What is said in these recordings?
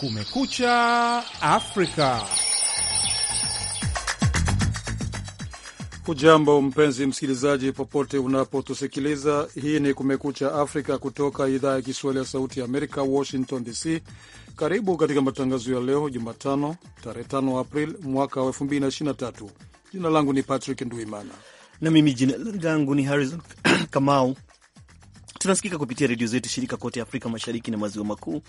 Kumekucha Afrika. Hujambo mpenzi msikilizaji, popote unapotusikiliza. Hii ni Kumekucha Afrika kutoka idhaa ya Kiswahili ya Sauti ya Amerika, Washington DC. Karibu katika matangazo ya leo Jumatano, tarehe 5 april mwaka wa 2023. Jina langu ni Patrick Nduimana na mimi jina langu ni Harrison Kamau. Tunasikika kupitia redio zetu shirika kote Afrika Mashariki na Maziwa Makuu,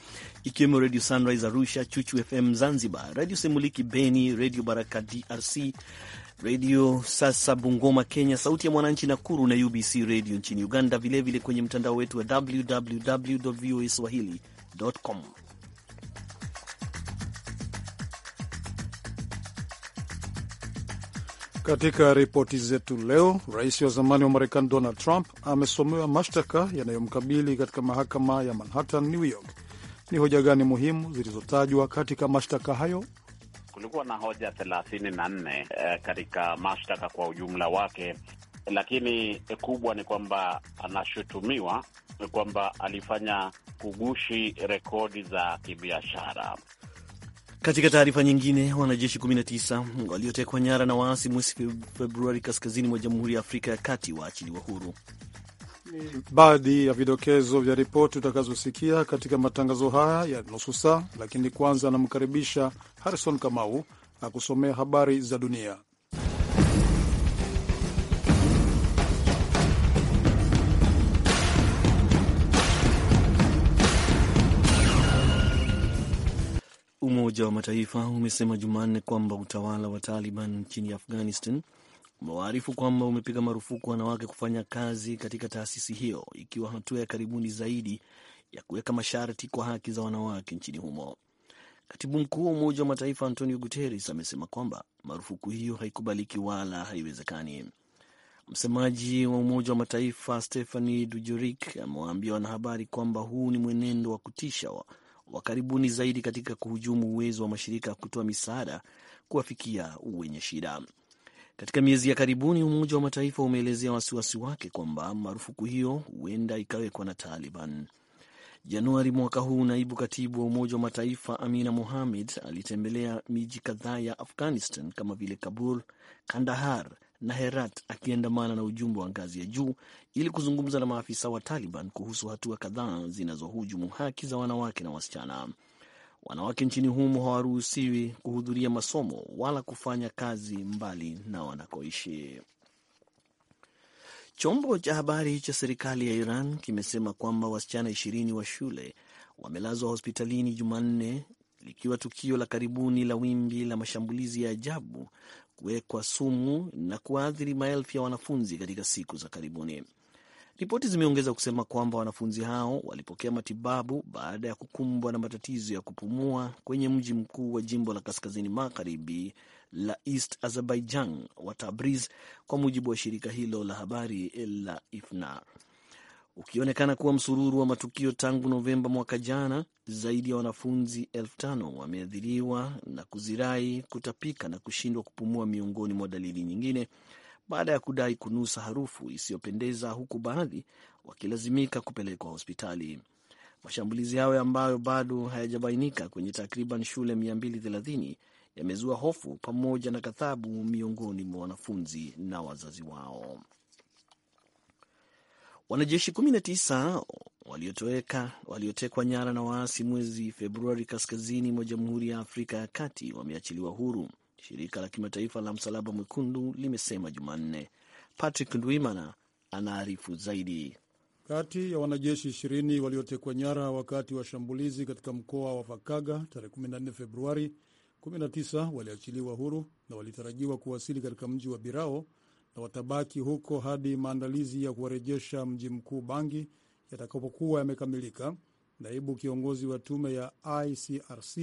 ikiwemo Redio Sunrise Arusha, Chuchu FM Zanzibar, Redio Semuliki Beni, Redio Baraka DRC, Redio Sasa Bungoma Kenya, Sauti ya Mwananchi Nakuru na UBC Redio nchini Uganda, vilevile kwenye mtandao wetu wa www voa swahili com. Katika ripoti zetu leo, rais wa zamani wa Marekani Donald Trump amesomewa mashtaka yanayomkabili katika mahakama ya Manhattan, New York. Ni hoja gani muhimu zilizotajwa katika mashtaka hayo? Kulikuwa na hoja thelathini na nne eh, katika mashtaka kwa ujumla wake, lakini kubwa ni kwamba anashutumiwa kwamba alifanya kugushi rekodi za kibiashara. Katika taarifa nyingine, wanajeshi 19 waliotekwa nyara na waasi mwezi Februari kaskazini mwa Jamhuri ya Afrika ya Kati waachiliwa huru. Baadhi ya vidokezo vya ripoti utakazosikia katika matangazo haya ya nusu saa, lakini kwanza anamkaribisha Harrison Kamau akusomea habari za dunia. Umoja wa Mataifa umesema Jumanne kwamba utawala wa Taliban nchini Afghanistan umewaarifu kwamba umepiga marufuku wanawake kufanya kazi katika taasisi hiyo, ikiwa hatua ya karibuni zaidi ya kuweka masharti kwa haki za wanawake nchini humo. Katibu mkuu wa Umoja wa Mataifa Antonio Guterres amesema kwamba marufuku hiyo haikubaliki wala haiwezekani. Msemaji wa Umoja wa Mataifa Stephani Dujurik amewaambia wanahabari kwamba huu ni mwenendo wa kutisha wa wa karibuni zaidi katika kuhujumu uwezo wa mashirika ya kutoa misaada kuwafikia wenye shida. Katika miezi ya karibuni, Umoja wa Mataifa umeelezea wasiwasi wake kwamba marufuku hiyo huenda ikawekwa na Taliban. Januari mwaka huu, naibu katibu wa Umoja wa Mataifa Amina Mohamed alitembelea miji kadhaa ya Afghanistan kama vile Kabul, Kandahar na Herat akiandamana na ujumbe wa ngazi ya juu ili kuzungumza na maafisa wa Taliban kuhusu hatua kadhaa zinazohujumu haki za wanawake na wasichana. Wanawake nchini humo hawaruhusiwi kuhudhuria masomo wala kufanya kazi mbali na wanakoishi. Chombo cha habari cha serikali ya Iran kimesema kwamba wasichana ishirini wa shule wamelazwa hospitalini Jumanne likiwa tukio la karibuni la wimbi la mashambulizi ya ajabu kuwekwa sumu na kuwaathiri maelfu ya wanafunzi katika siku za karibuni. Ripoti zimeongeza kusema kwamba wanafunzi hao walipokea matibabu baada ya kukumbwa na matatizo ya kupumua kwenye mji mkuu wa jimbo la kaskazini magharibi la East Azerbaijan wa Tabriz, kwa mujibu wa shirika hilo la habari la IFNA ukionekana kuwa msururu wa matukio tangu Novemba mwaka jana. Zaidi ya wanafunzi elfu tano wameathiriwa na kuzirai, kutapika na kushindwa kupumua, miongoni mwa dalili nyingine, baada ya kudai kunusa harufu isiyopendeza, huku baadhi wakilazimika kupelekwa hospitali. Mashambulizi hayo ambayo bado hayajabainika kwenye takriban shule 230 yamezua hofu pamoja na kadhabu miongoni mwa wanafunzi na wazazi wao. Wanajeshi 19 waliotoweka waliotekwa nyara na waasi mwezi Februari kaskazini mwa Jamhuri ya Afrika ya Kati wameachiliwa huru, shirika la kimataifa la Msalaba Mwekundu limesema Jumanne. Patrick Ndwimana anaarifu zaidi. Kati ya wanajeshi ishirini waliotekwa nyara wakati wa shambulizi katika mkoa wa fakaga tarehe 14 Februari, 19 waliachiliwa huru na walitarajiwa kuwasili katika mji wa Birao na watabaki huko hadi maandalizi ya kuwarejesha mji mkuu Bangi yatakapokuwa yamekamilika. Naibu kiongozi wa tume ya ICRC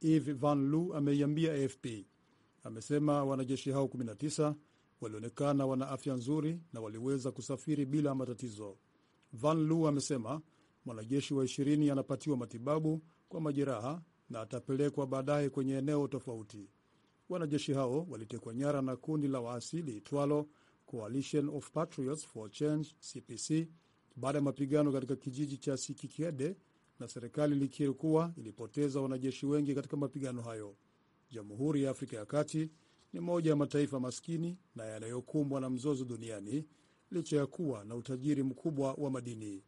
eve Van Lu ameiambia AFP. Amesema wanajeshi hao 19 walionekana wana afya nzuri na waliweza kusafiri bila matatizo. Van Lu amesema mwanajeshi wa 20 anapatiwa matibabu kwa majeraha na atapelekwa baadaye kwenye eneo tofauti. Wanajeshi hao walitekwa nyara na kundi la waasi liitwalo Coalition of Patriots for Change CPC baada ya mapigano katika kijiji cha sikikede na serikali likiri kuwa ilipoteza wanajeshi wengi katika mapigano hayo. Jamhuri ya Afrika ya Kati ni moja ya mataifa maskini na yanayokumbwa na mzozo duniani licha ya kuwa na utajiri mkubwa wa madini.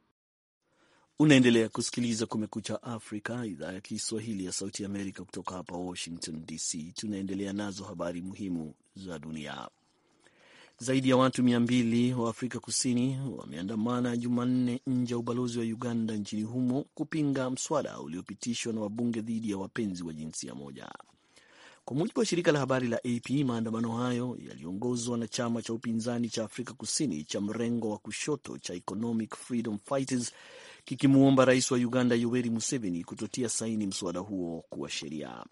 Unaendelea kusikiliza Kumekucha Afrika, idhaa ya Kiswahili ya Sauti Amerika kutoka hapa Washington DC. Tunaendelea nazo habari muhimu za dunia. Zaidi ya watu mia mbili wa Afrika Kusini wameandamana Jumanne nje ya ubalozi wa Uganda nchini humo kupinga mswada uliopitishwa na wabunge dhidi ya wapenzi wa jinsia moja. Kwa mujibu wa shirika la habari la AP, maandamano hayo yaliongozwa na chama cha upinzani cha Afrika Kusini cha mrengo wa kushoto cha Economic Freedom Fighters kikimuomba rais wa Uganda Yoweri Museveni kutotia saini mswada huo kuwa sheria.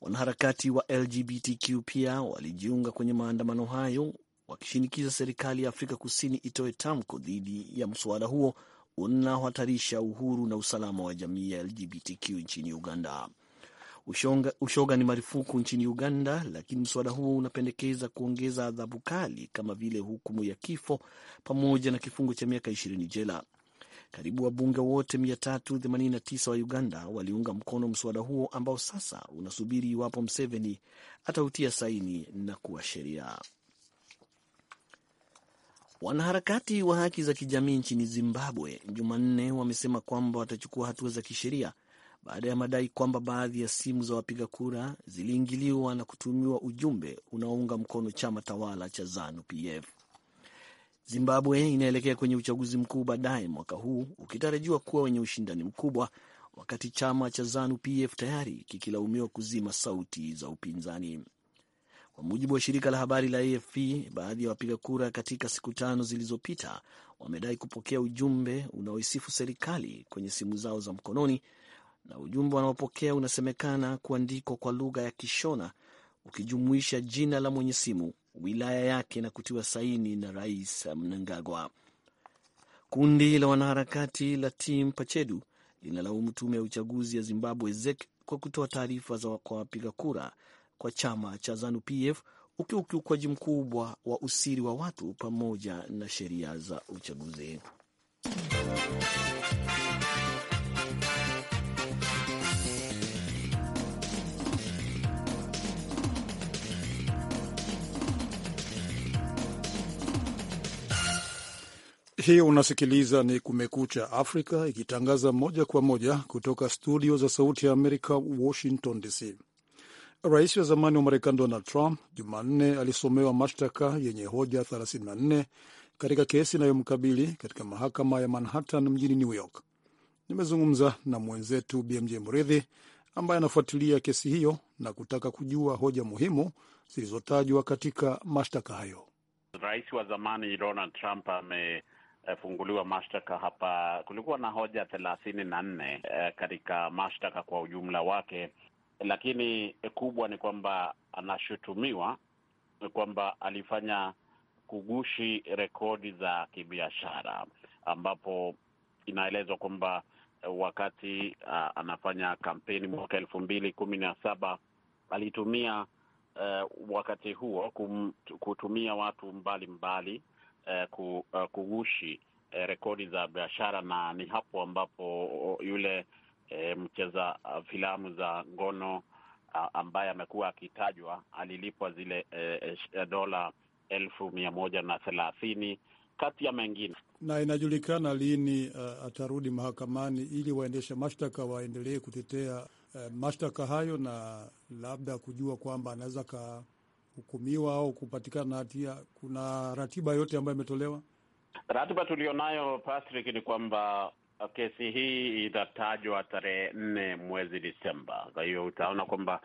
Wanaharakati wa LGBTQ pia walijiunga kwenye maandamano hayo wakishinikiza serikali ya Afrika Kusini itoe tamko dhidi ya mswada huo unaohatarisha uhuru na usalama wa jamii ya LGBTQ nchini Uganda. Ushonga, ushoga ni marufuku nchini Uganda, lakini mswada huo unapendekeza kuongeza adhabu kali kama vile hukumu ya kifo pamoja na kifungo cha miaka ishirini jela. Karibu wabunge wote 389 wa Uganda waliunga mkono mswada huo ambao sasa unasubiri iwapo Mseveni atautia saini na kuwa sheria. Wanaharakati wa haki za kijamii nchini Zimbabwe Jumanne wamesema kwamba watachukua hatua za kisheria baada ya madai kwamba baadhi ya simu za wapiga kura ziliingiliwa na kutumiwa ujumbe unaounga mkono chama tawala cha Zanu PF. Zimbabwe inaelekea kwenye uchaguzi mkuu baadaye mwaka huu ukitarajiwa kuwa wenye ushindani mkubwa, wakati chama cha ZANU-PF tayari kikilaumiwa kuzima sauti za upinzani. Kwa mujibu wa shirika la habari la AFP, baadhi ya wapiga kura katika siku tano zilizopita wamedai kupokea ujumbe unaoisifu serikali kwenye simu zao za mkononi, na ujumbe wanaopokea unasemekana kuandikwa kwa lugha ya Kishona ukijumuisha jina la mwenye simu wilaya yake na kutiwa saini na Rais Mnangagwa. Kundi la wanaharakati la Team Pachedu linalaumu tume ya uchaguzi ya Zimbabwe ZEK kwa kutoa taarifa za kwa wapiga kura kwa chama cha ZANUPF ukiwa ukiukwaji mkubwa wa usiri wa watu pamoja na sheria za uchaguzi. Hiyo unasikiliza ni Kumekucha Afrika ikitangaza moja kwa moja kutoka studio za Sauti ya Amerika, Washington DC. Rais wa zamani wa Marekani Donald Trump Jumanne alisomewa mashtaka yenye hoja 34 katika kesi inayomkabili katika mahakama ya Manhattan mjini New York. Nimezungumza na mwenzetu BMJ Mridhi ambaye anafuatilia kesi hiyo na kutaka kujua hoja muhimu zilizotajwa katika mashtaka hayo. Rais wa zamani Donald Trump ame Eh, funguliwa mashtaka hapa. Kulikuwa na hoja thelathini na nne eh, katika mashtaka kwa ujumla wake, lakini kubwa ni kwamba anashutumiwa kwamba alifanya kugushi rekodi za kibiashara, ambapo inaelezwa kwamba eh, wakati uh, anafanya kampeni mwaka elfu mbili kumi na saba alitumia uh, wakati huo kum, kutumia watu mbalimbali eh, uh, kughushi eh, rekodi za biashara, na ni hapo ambapo eh, yule eh, mcheza eh, filamu za ngono ambaye amekuwa akitajwa alilipwa zile eh, dola elfu mia moja na thelathini kati ya mengine. Na inajulikana lini uh, atarudi mahakamani ili waendesha mashtaka waendelee kutetea uh, mashtaka hayo na labda kujua kwamba anaweza kuhukumiwa au kupatikana na hatia? Kuna ratiba yote ambayo imetolewa? Ratiba tuliyonayo Patrick ni kwamba uh, kesi hii itatajwa tarehe nne mwezi Disemba. Kwa hiyo utaona kwamba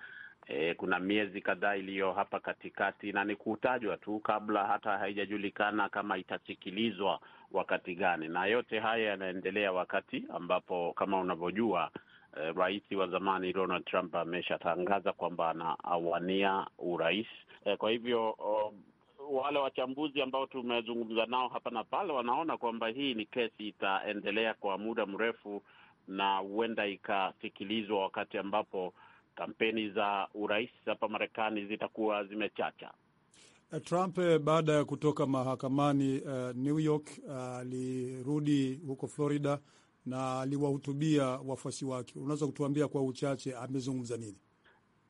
e, kuna miezi kadhaa iliyo hapa katikati, na ni kutajwa tu kabla hata haijajulikana kama itasikilizwa wakati gani, na yote haya yanaendelea wakati ambapo kama unavyojua eh, rais wa zamani Donald Trump ameshatangaza kwamba anawania urais eh, kwa hivyo um, wale wachambuzi ambao tumezungumza nao hapa na pale wanaona kwamba hii ni kesi itaendelea kwa muda mrefu na huenda ikasikilizwa wakati ambapo kampeni za urais hapa Marekani zitakuwa zimechacha. Eh, Trump eh, baada ya kutoka mahakamani uh, New York alirudi uh, huko Florida na aliwahutubia wafuasi wake. Unaweza kutuambia kwa uchache amezungumza nini?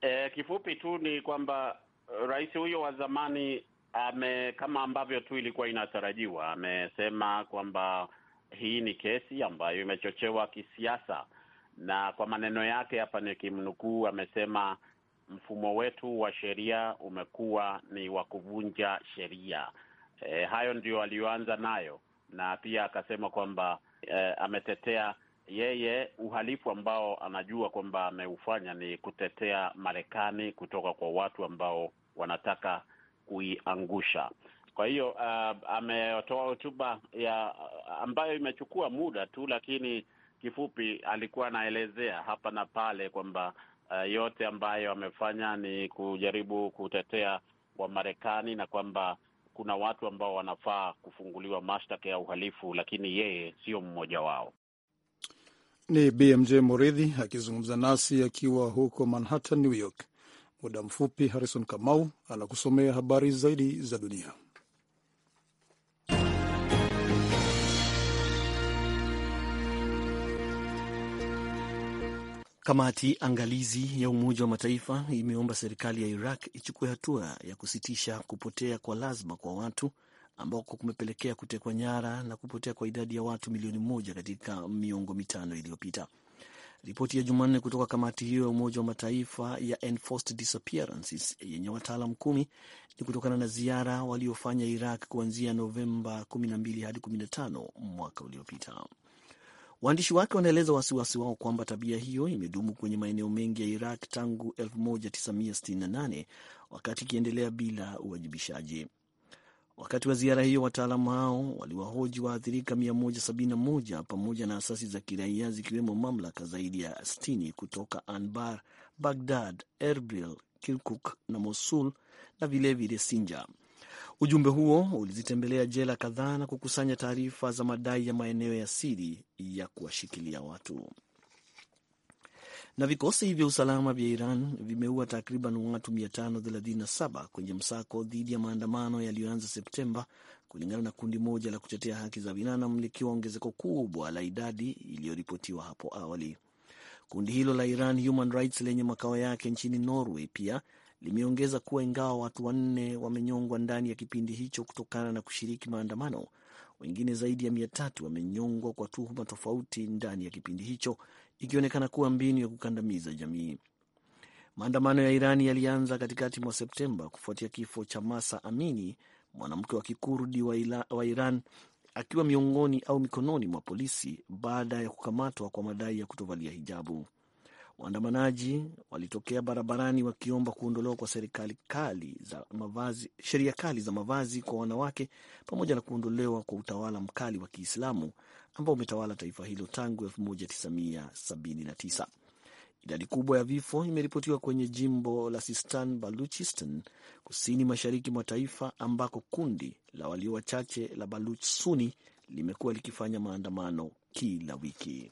E, kifupi tu ni kwamba rais huyo wa zamani ame, kama ambavyo tu ilikuwa inatarajiwa, amesema kwamba hii ni kesi ambayo imechochewa kisiasa, na kwa maneno yake hapa ni kimnukuu, amesema mfumo wetu wa sheria umekuwa ni wa kuvunja sheria. E, hayo ndio aliyoanza nayo, na pia akasema kwamba eh, ametetea yeye uhalifu ambao anajua kwamba ameufanya ni kutetea Marekani kutoka kwa watu ambao wanataka kuiangusha. Kwa hiyo uh, ametoa hotuba ya ambayo imechukua muda tu, lakini kifupi alikuwa anaelezea hapa na pale kwamba uh, yote ambayo amefanya ni kujaribu kutetea Wamarekani na kwamba kuna watu ambao wanafaa kufunguliwa mashtaka ya uhalifu, lakini yeye sio mmoja wao. Ni BMJ Muridhi akizungumza nasi akiwa huko Manhattan, New York. Muda mfupi Harrison Kamau anakusomea habari zaidi za dunia. Kamati angalizi ya Umoja wa Mataifa imeomba serikali ya Iraq ichukue hatua ya kusitisha kupotea kwa lazima kwa watu ambako kumepelekea kutekwa nyara na kupotea kwa idadi ya watu milioni moja katika miongo mitano iliyopita. Ripoti ya Jumanne kutoka kamati hiyo ya Umoja wa Mataifa ya Enforced Disappearances yenye wataalam kumi ni kutokana na ziara waliofanya Iraq kuanzia Novemba 12 hadi 15 mwaka uliopita. Waandishi wake wanaeleza wasiwasi wao kwamba tabia hiyo imedumu kwenye maeneo mengi ya Iraq tangu 1968 wakati ikiendelea bila uwajibishaji. Wakati wa ziara hiyo, wataalamu hao waliwahoji waathirika 171 pamoja na asasi za kiraia zikiwemo mamlaka zaidi ya 60 kutoka Anbar, Bagdad, Erbil, Kirkuk na Mosul na vilevile Sinja Ujumbe huo ulizitembelea jela kadhaa na kukusanya taarifa za madai ya maeneo ya siri ya kuwashikilia watu. Na vikosi vya usalama vya Iran vimeua takriban watu 537 kwenye msako dhidi ya maandamano yaliyoanza Septemba, kulingana na kundi moja la kutetea haki za binadamu, likiwa ongezeko kubwa la idadi iliyoripotiwa hapo awali. Kundi hilo la Iran Human Rights lenye makao yake nchini Norway pia limeongeza kuwa ingawa watu wanne wamenyongwa ndani ya kipindi hicho kutokana na kushiriki maandamano, wengine zaidi ya mia tatu wamenyongwa kwa tuhuma tofauti ndani ya kipindi hicho, ikionekana kuwa mbinu ya kukandamiza jamii. Maandamano ya Irani yalianza katikati mwa Septemba kufuatia kifo cha Masa Amini, mwanamke wa Kikurdi wa, ila, wa Iran akiwa miongoni au mikononi mwa polisi baada ya kukamatwa kwa madai ya kutovalia hijabu waandamanaji walitokea barabarani wakiomba kuondolewa kwa serikali kali za mavazi, sheria kali za mavazi kwa wanawake pamoja na kuondolewa kwa utawala mkali wa Kiislamu ambao umetawala taifa hilo tangu 1979. Idadi kubwa ya vifo imeripotiwa kwenye jimbo la Sistan Baluchistan, kusini mashariki mwa taifa ambako kundi la walio wachache la Baluch Suni limekuwa likifanya maandamano kila wiki.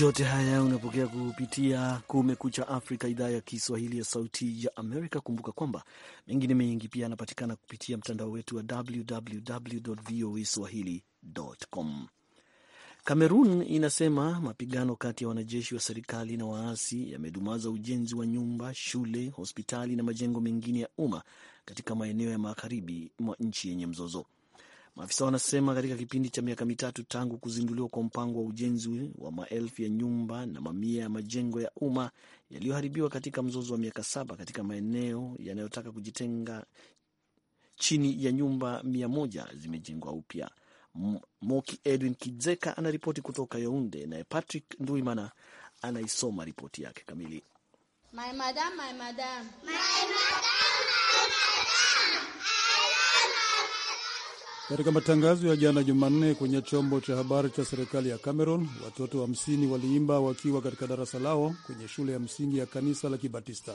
Yote haya unapokea kupitia Kumekucha Afrika, idhaa ya Kiswahili ya Sauti ya Amerika. Kumbuka kwamba mengine mengi pia yanapatikana kupitia mtandao wetu wa www voa swahili.com. Kamerun inasema mapigano kati ya wanajeshi wa serikali na waasi yamedumaza ujenzi wa nyumba, shule, hospitali na majengo mengine ya umma katika maeneo ya magharibi mwa nchi yenye mzozo. Maafisa wanasema katika kipindi cha miaka mitatu tangu kuzinduliwa kwa mpango wa ujenzi wa maelfu ya nyumba na mamia ya majengo ya umma yaliyoharibiwa katika mzozo wa miaka saba katika maeneo yanayotaka kujitenga, chini ya nyumba mia moja zimejengwa upya. Moki Edwin Kidzeka anaripoti kutoka Yaunde, naye Patrick Nduimana anaisoma ripoti yake kamili. My madam, my madam. My madam. Katika matangazo ya jana Jumanne kwenye chombo cha habari cha serikali ya Cameroon, watoto hamsini waliimba wakiwa katika darasa lao kwenye shule ya msingi ya kanisa la Kibatista.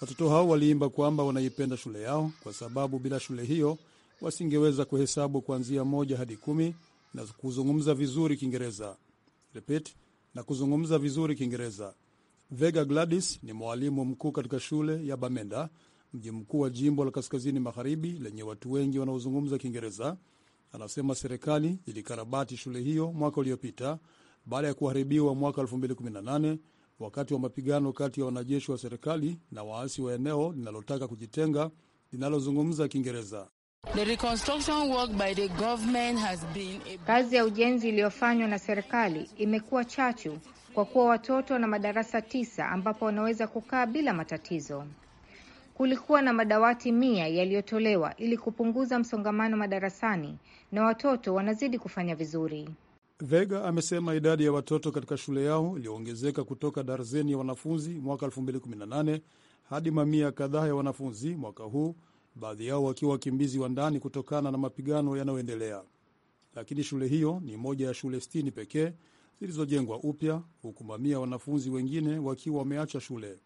Watoto hao waliimba kwamba wanaipenda shule yao kwa sababu bila shule hiyo wasingeweza kuhesabu kuanzia moja hadi kumi na kuzungumza vizuri Kiingereza. Repeat, na kuzungumza vizuri Kiingereza. Vega Gladys ni mwalimu mkuu katika shule ya Bamenda mji mkuu wa jimbo la kaskazini magharibi lenye watu wengi wanaozungumza Kiingereza, anasema serikali ilikarabati shule hiyo mwaka uliopita baada ya kuharibiwa mwaka 2018 wakati wa mapigano kati ya wanajeshi wa serikali na waasi wa eneo linalotaka kujitenga linalozungumza Kiingereza. Kazi ya ujenzi iliyofanywa na serikali imekuwa chachu kwa kuwa watoto na madarasa tisa ambapo wanaweza kukaa bila matatizo kulikuwa na madawati mia yaliyotolewa ili kupunguza msongamano madarasani na watoto wanazidi kufanya vizuri. Vega amesema idadi ya watoto katika shule yao iliyoongezeka kutoka darzeni ya wanafunzi mwaka 2018 hadi mamia kadhaa ya wanafunzi mwaka huu, baadhi yao wakiwa wakimbizi wa ndani kutokana na mapigano yanayoendelea. Lakini shule hiyo ni moja ya shule s pekee zilizojengwa upya, huku mamia wanafunzi wengine wakiwa wameacha shule.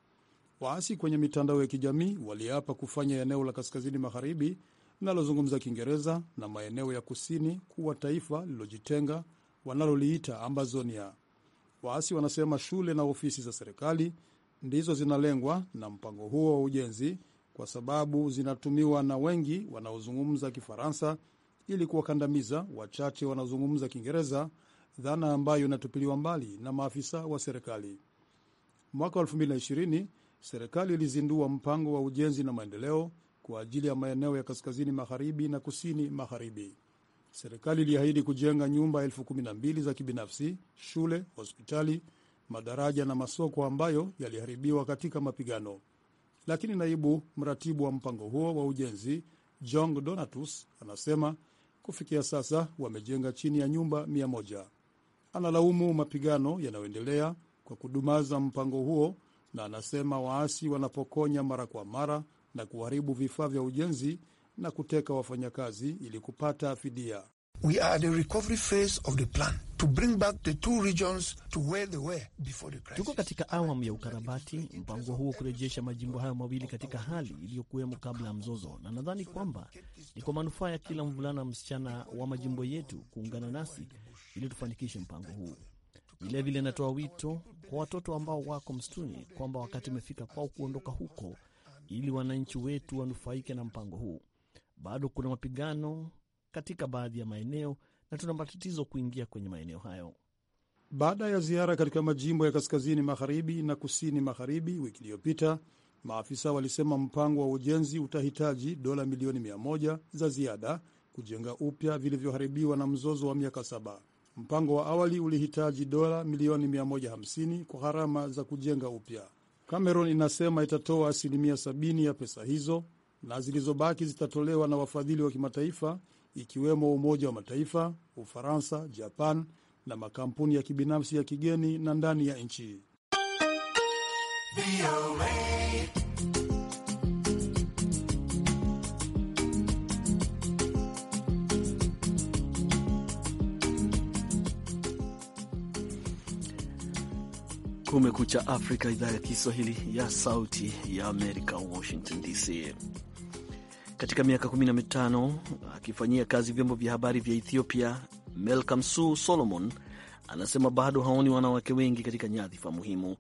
Waasi kwenye mitandao ya kijamii waliapa kufanya eneo la kaskazini magharibi linalozungumza Kiingereza na maeneo ya kusini kuwa taifa lililojitenga wanaloliita Ambazonia. Waasi wanasema shule na ofisi za serikali ndizo zinalengwa na mpango huo wa ujenzi kwa sababu zinatumiwa na wengi wanaozungumza Kifaransa ili kuwakandamiza wachache wanaozungumza Kiingereza, dhana ambayo inatupiliwa mbali na maafisa wa serikali. Mwaka serikali ilizindua mpango wa ujenzi na maendeleo kwa ajili ya maeneo ya kaskazini magharibi na kusini magharibi. Serikali iliahidi kujenga nyumba elfu kumi na mbili za kibinafsi, shule, hospitali, madaraja na masoko ambayo yaliharibiwa katika mapigano. Lakini naibu mratibu wa mpango huo wa ujenzi Jong Donatus anasema kufikia sasa wamejenga chini ya nyumba mia moja. Analaumu mapigano yanayoendelea kwa kudumaza mpango huo na anasema waasi wanapokonya mara kwa mara na kuharibu vifaa vya ujenzi na kuteka wafanyakazi ili kupata fidia. We are the recovery phase of the plan to bring back the two regions to where they were before the crisis. Tuko katika awamu ya ukarabati, mpango huo kurejesha majimbo hayo mawili katika hali iliyokuwemo kabla ya mzozo, na nadhani kwamba ni kwa manufaa ya kila mvulana msichana wa majimbo yetu kuungana nasi ili tufanikishe mpango huu. Vilevile natoa wito kwa watoto ambao wako msituni kwamba wakati umefika kwao kuondoka huko ili wananchi wetu wanufaike na mpango huu. Bado kuna mapigano katika baadhi ya maeneo na tuna matatizo kuingia kwenye maeneo hayo. Baada ya ziara katika majimbo ya kaskazini magharibi na kusini magharibi wiki iliyopita, maafisa walisema mpango wa ujenzi utahitaji dola milioni mia moja za ziada kujenga upya vilivyoharibiwa na mzozo wa miaka saba. Mpango wa awali ulihitaji dola milioni 150 kwa gharama za kujenga upya. Cameron inasema itatoa asilimia 70 ya pesa hizo na zilizobaki zitatolewa na wafadhili wa kimataifa ikiwemo Umoja wa Mataifa, Ufaransa, Japan na makampuni ya kibinafsi ya kigeni na ndani ya nchi. Kumekucha Afrika, idhaa ya Kiswahili ya Sauti ya Amerika, Washington DC. Katika miaka 15 akifanyia kazi vyombo vya habari vya Ethiopia, Malcolm Sue Solomon anasema bado haoni wanawake wengi katika nyadhifa muhimu.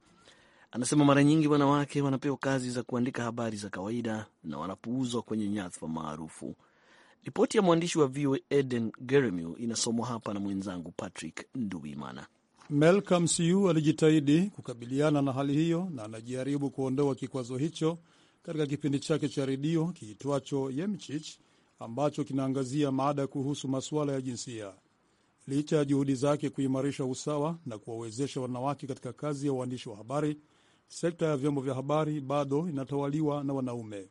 Anasema mara nyingi wanawake wanapewa kazi za kuandika habari za kawaida na wanapuuzwa kwenye nyadhifa maarufu. Ripoti ya mwandishi wa VOA Eden Geremew inasomwa hapa na mwenzangu Patrick Nduwimana. Malcolm Siu alijitahidi kukabiliana na hali hiyo na anajaribu kuondoa kikwazo hicho katika kipindi chake cha redio kiitwacho Yemchich ambacho kinaangazia mada kuhusu masuala ya jinsia. Licha ya juhudi zake kuimarisha usawa na kuwawezesha wanawake katika kazi ya uandishi wa habari, sekta ya vyombo vya habari bado inatawaliwa na wanaume.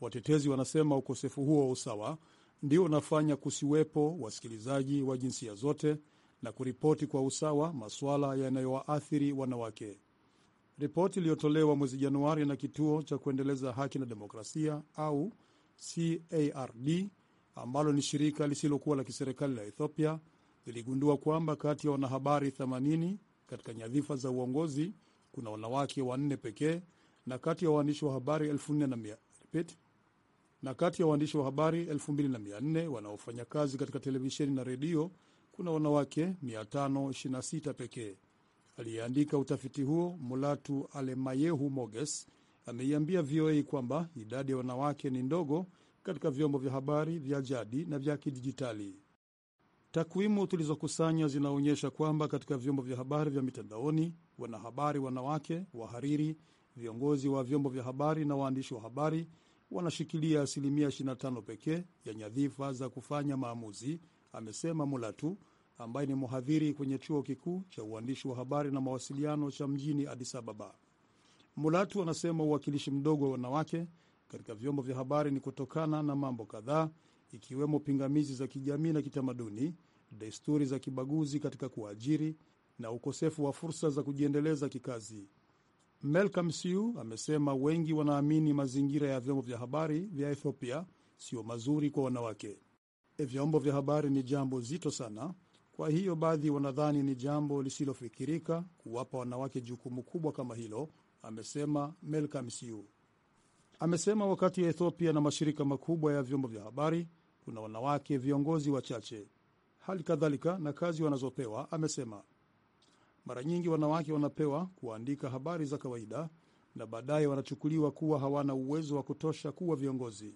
Watetezi wanasema ukosefu huo wa usawa ndio unafanya kusiwepo wasikilizaji wa jinsia zote na kuripoti kwa usawa masuala yanayowaathiri wanawake. Ripoti iliyotolewa mwezi Januari na kituo cha kuendeleza haki na demokrasia au CARD ambalo ni shirika lisilokuwa la kiserikali la Ethiopia liligundua kwamba kati ya wanahabari 80 katika nyadhifa za uongozi kuna wanawake wanne pekee na kati ya waandishi wa habari 4 na kati ya waandishi wa habari 2400 wanaofanya kazi katika televisheni na redio kuna wanawake 526 pekee. Aliyeandika utafiti huo Mulatu Alemayehu Moges ameiambia VOA kwamba idadi ya wanawake ni ndogo katika vyombo vya habari vya jadi na vya kidijitali. Takwimu tulizokusanya zinaonyesha kwamba katika vyombo vya habari vya mitandaoni, wanahabari wanawake, wahariri, viongozi wa vyombo vya habari na waandishi wa habari wanashikilia asilimia 25 pekee ya nyadhifa za kufanya maamuzi, amesema Mulatu ambaye ni mhadhiri kwenye chuo kikuu cha uandishi wa habari na mawasiliano cha mjini Addis Ababa. Mulatu anasema uwakilishi mdogo wa wanawake katika vyombo vya habari ni kutokana na mambo kadhaa, ikiwemo pingamizi za kijamii na kitamaduni, desturi za kibaguzi katika kuajiri na ukosefu wa fursa za kujiendeleza kikazi. Malcolm Siu amesema wengi wanaamini mazingira ya vyombo vya habari vya Ethiopia sio mazuri kwa wanawake. E, vyombo vya habari ni jambo zito sana kwa hiyo baadhi wanadhani ni jambo lisilofikirika kuwapa wanawake jukumu kubwa kama hilo, amesema Melka Msiu. Amesema wakati ya Ethiopia na mashirika makubwa ya vyombo vya habari kuna wanawake viongozi wachache, hali kadhalika na kazi wanazopewa. Amesema mara nyingi wanawake wanapewa kuandika habari za kawaida na baadaye wanachukuliwa kuwa hawana uwezo wa kutosha kuwa viongozi.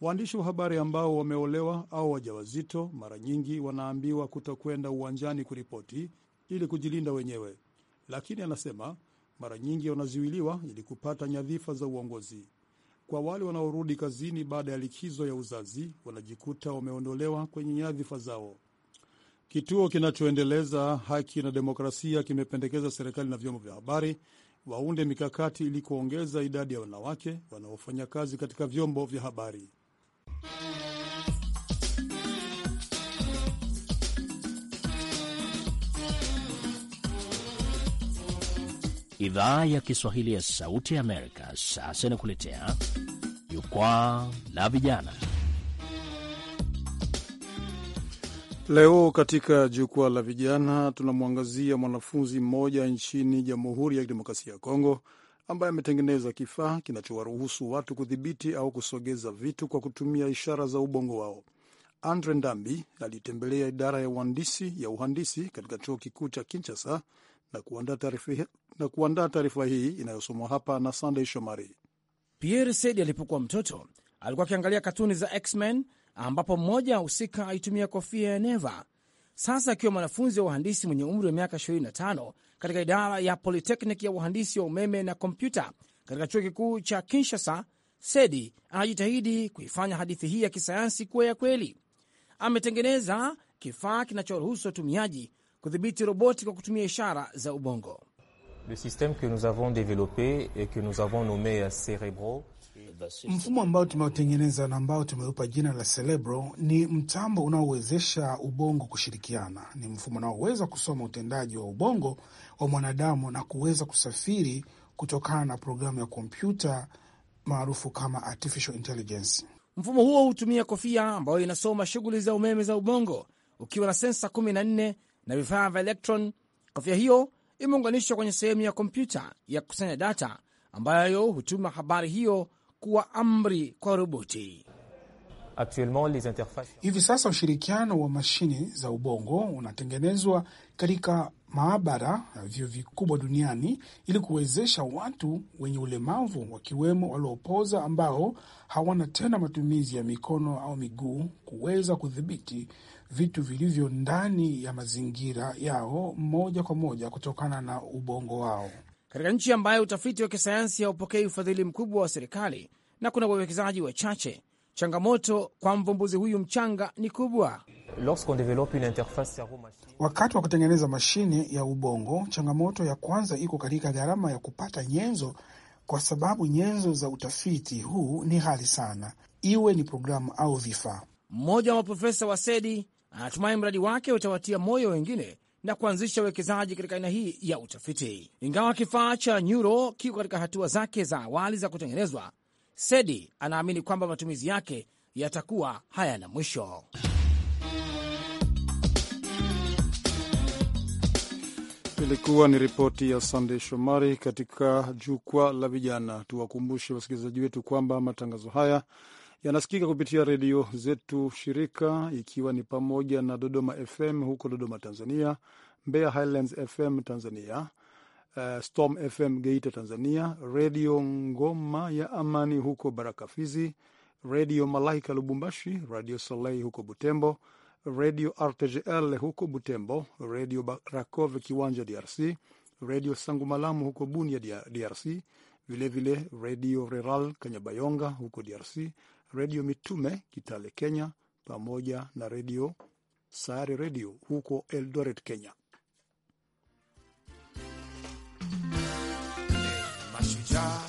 Waandishi wa habari ambao wameolewa au wajawazito mara nyingi wanaambiwa kutokwenda uwanjani kuripoti ili kujilinda wenyewe, lakini anasema mara nyingi wanazuiliwa ili kupata nyadhifa za uongozi. Kwa wale wanaorudi kazini baada ya likizo ya uzazi, wanajikuta wameondolewa kwenye nyadhifa zao. Kituo kinachoendeleza haki na demokrasia kimependekeza serikali na vyombo vya habari waunde mikakati ili kuongeza idadi ya wanawake wanaofanya kazi katika vyombo vya habari. Idhaa ya Kiswahili ya Sauti ya Amerika sasa inakuletea Jukwaa la Vijana. Leo katika Jukwaa la Vijana tunamwangazia mwanafunzi mmoja nchini Jamhuri ya Kidemokrasia ya Kongo ambaye ametengeneza kifaa kinachowaruhusu watu kudhibiti au kusogeza vitu kwa kutumia ishara za ubongo wao. Andre Ndambi alitembelea idara ya uhandisi ya uhandisi katika chuo kikuu cha Kinshasa na kuandaa taarifa hii inayosomwa hapa na Sandey Shomari. Pierre Sedi alipokuwa mtoto alikuwa akiangalia katuni za X-Men ambapo mmoja husika aitumia kofia ya neva. Sasa akiwa mwanafunzi wa uhandisi mwenye umri wa miaka katika idara ya Politeknik ya uhandisi wa umeme na kompyuta katika chuo kikuu cha Kinshasa. Sedi anajitahidi kuifanya hadithi hii ya kisayansi kuwa ya kweli. Ametengeneza kifaa kinachoruhusu watumiaji kudhibiti roboti kwa kutumia ishara za ubongo. Le systeme que nous avons développé et que nous avons nommé cerebro Mfumo ambao tumeutengeneza na ambao tumeupa jina la Celebro ni mtambo unaowezesha ubongo kushirikiana. Ni mfumo unaoweza kusoma utendaji wa ubongo wa mwanadamu na kuweza kusafiri kutokana na programu ya kompyuta maarufu kama artificial intelligence. Mfumo huo hutumia kofia ambayo inasoma shughuli za umeme za ubongo ukiwa na sensa 14 na vifaa vya electron. Kofia hiyo imeunganishwa kwenye sehemu ya kompyuta ya kukusanya data ambayo hutuma habari hiyo kuwa amri kwa roboti. Hivi sasa ushirikiano wa mashine za ubongo unatengenezwa katika maabara ya vyuo vikubwa duniani ili kuwezesha watu wenye ulemavu wakiwemo waliopoza ambao hawana tena matumizi ya mikono au miguu kuweza kudhibiti vitu vilivyo ndani ya mazingira yao moja kwa moja kutokana na ubongo wao katika nchi ambayo utafiti wa kisayansi haupokei ufadhili mkubwa wa serikali na kuna wawekezaji wachache. Changamoto kwa mvumbuzi huyu mchanga ni kubwa. Wakati wa kutengeneza mashine ya ubongo, changamoto ya kwanza iko katika gharama ya kupata nyenzo, kwa sababu nyenzo za utafiti huu ni ghali sana, iwe ni programu au vifaa. Mmoja wa maprofesa wa Sedi anatumai mradi wake utawatia moyo wengine na kuanzisha uwekezaji katika aina hii ya utafiti. Ingawa kifaa cha nyuro kiko katika hatua zake za awali za kutengenezwa, Sedi anaamini kwamba matumizi yake yatakuwa hayana mwisho. Ilikuwa ni ripoti ya Sandey Shomari katika jukwaa la vijana. Tuwakumbushe wasikilizaji wetu kwamba matangazo haya yanasikika kupitia redio zetu shirika, ikiwa ni pamoja na Dodoma FM huko Dodoma Tanzania, Mbeya Highlands FM Tanzania, uh, Storm FM Geita Tanzania, Redio Ngoma ya Amani huko Baraka Fizi, Redio Malaika Lubumbashi, Radio Soleil huko Butembo, Redio RTGL huko Butembo, Redio Rakove Kiwanja DRC, Redio Sangu Malamu huko Bunia DRC, vilevile Redio Rural Kanyabayonga huko DRC, Redio Mitume Kitale, Kenya, pamoja na Redio sare Redio huko Eldoret, Kenya. Mashujaa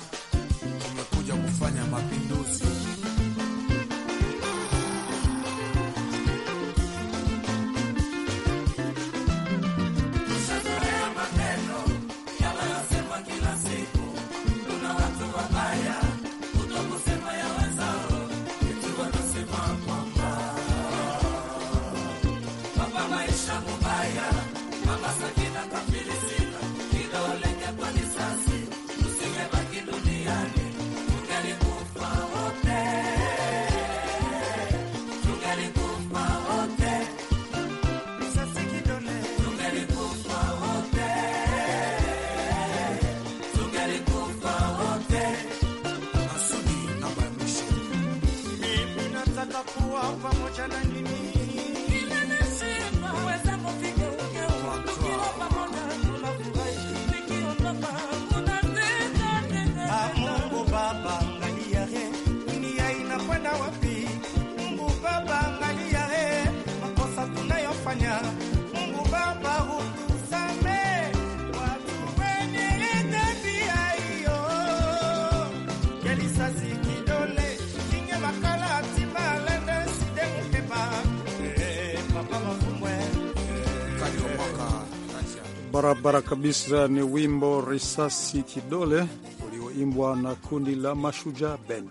barabara kabisa ni wimbo risasi kidole ulioimbwa na kundi la Mashujaa Band.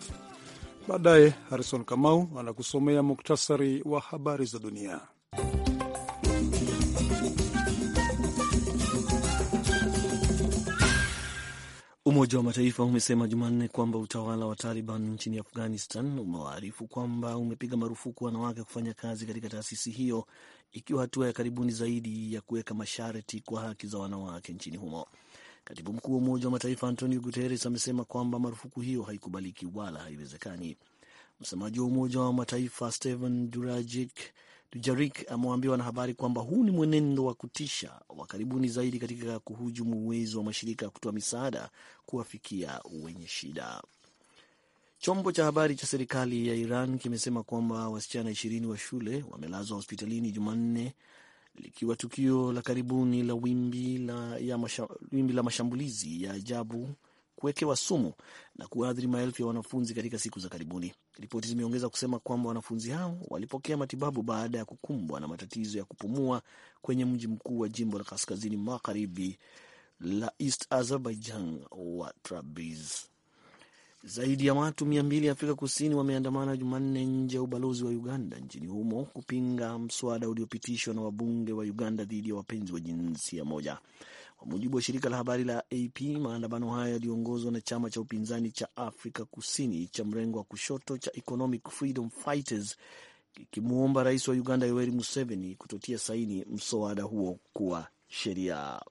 Baadaye Harrison Kamau anakusomea muktasari wa habari za dunia. Umoja wa Mataifa umesema Jumanne kwamba utawala wa Taliban nchini Afghanistan umewaarifu kwamba umepiga marufuku wanawake kufanya kazi katika taasisi hiyo, ikiwa hatua ya karibuni zaidi ya kuweka masharti kwa haki za wanawake nchini humo. Katibu mkuu wa Umoja wa Mataifa Antonio Guterres amesema kwamba marufuku hiyo haikubaliki wala haiwezekani. Msemaji wa Umoja wa Mataifa stehen durajik Dujarik amewaambia wanahabari kwamba huu ni mwenendo wa kutisha wa karibuni zaidi katika kuhujumu uwezo wa mashirika ya kutoa misaada kuwafikia wenye shida. Chombo cha habari cha serikali ya Iran kimesema kwamba wasichana ishirini wa shule wamelazwa hospitalini Jumanne likiwa tukio la karibuni la wimbi la, ya masha, wimbi la mashambulizi ya ajabu kuwekewa sumu na kuathiri maelfu ya wanafunzi katika siku za karibuni. Ripoti zimeongeza kusema kwamba wanafunzi hao walipokea matibabu baada ya kukumbwa na matatizo ya kupumua kwenye mji mkuu wa jimbo la kaskazini magharibi la East Azerbaijan wa Tabriz. Zaidi ya watu mia mbili Afrika Kusini wameandamana Jumanne nje ya ubalozi wa Uganda nchini humo kupinga mswada uliopitishwa na wabunge wa Uganda dhidi ya wapenzi wa jinsia moja. Kwa mujibu wa shirika la habari la AP, maandamano hayo yaliongozwa na chama cha upinzani cha Afrika Kusini cha mrengo wa kushoto cha Economic Freedom Fighters rais wa Uganda Yoweri Museveni kutotia saini mswada huo kuwa sheria.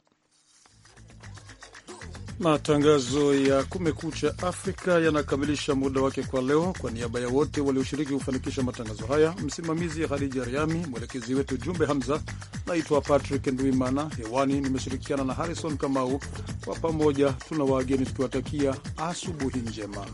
Matangazo ya Kumekucha Afrika yanakamilisha muda wake kwa leo. Kwa niaba ya wote walioshiriki kufanikisha matangazo haya, msimamizi Hadija Riami, mwelekezi wetu Jumbe Hamza. Naitwa Patrick Ndwimana, hewani nimeshirikiana na Harrison Kamau. Kwa pamoja tuna wageni tukiwatakia asubuhi njema.